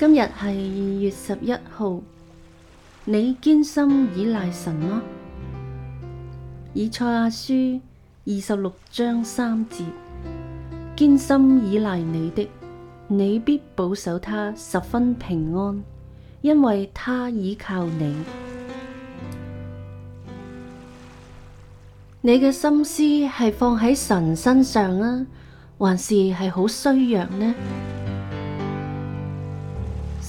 今日係二月十一號，你堅心倚賴神嗎、啊？以賽亞書二十六章三節：堅心倚賴你的，你必保守他十分平安，因為他倚靠你。你嘅心思係放喺神身上啊，還是係好衰弱呢？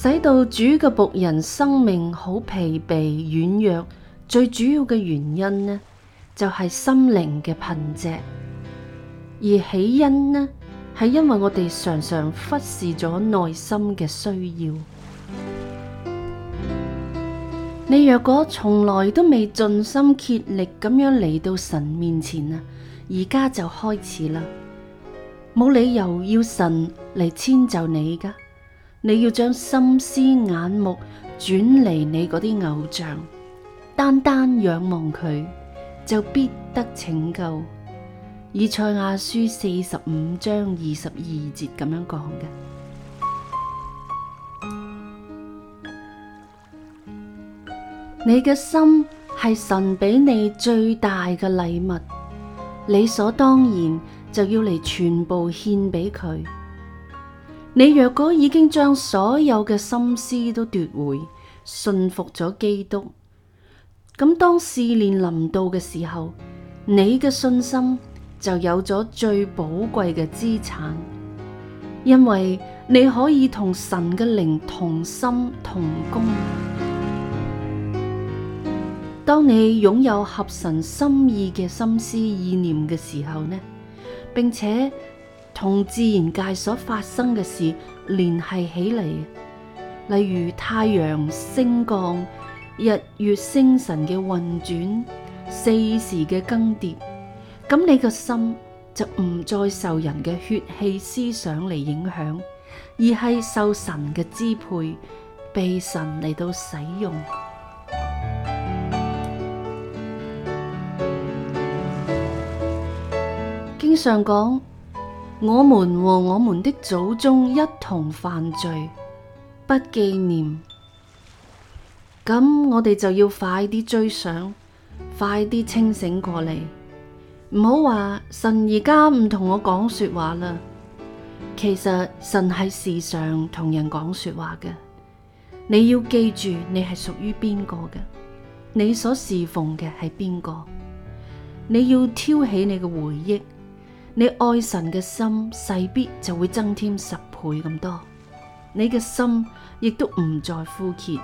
使到主嘅僕人生命好疲憊、軟弱，最主要嘅原因呢，就係心靈嘅貧瘠，而起因呢，係因為我哋常常忽視咗內心嘅需要。你若果從來都未盡心竭力咁樣嚟到神面前啊，而家就開始啦，冇理由要神嚟遷就你噶。你要將心思眼目轉離你嗰啲偶像，單單仰望佢就必得拯救。以賽亞書四十五章二十二節咁樣講嘅。 你嘅心係神俾你最大嘅禮物，理所當然就要嚟全部獻俾佢。你若果已經將所有嘅心思都奪回，信服咗基督，咁當試煉臨到嘅時候，你嘅信心就有咗最寶貴嘅資產，因為你可以同神嘅靈同心同工。當你擁有合神心意嘅心思意念嘅時候呢，並且。同自然界所發生嘅事聯繫起嚟，例如太陽升降、日月星辰嘅運轉、四時嘅更迭，咁你個心就唔再受人嘅血氣思想嚟影響，而係受神嘅支配，被神嚟到使用。經常講。我們和我們的祖宗一同犯罪，不紀念。咁我哋就要快啲追想，快啲清醒過嚟，唔好話神而家唔同我講說話啦。其實神喺世上同人講說話嘅，你要記住你係屬於邊個嘅，你所侍奉嘅係邊個，你要挑起你嘅回憶。你愛神嘅心，勢必就會增添十倍咁多。你嘅心亦都唔再枯竭，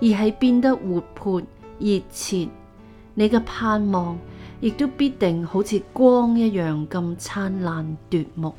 而係變得活潑熱切。你嘅盼望亦都必定好似光一樣咁燦爛奪目。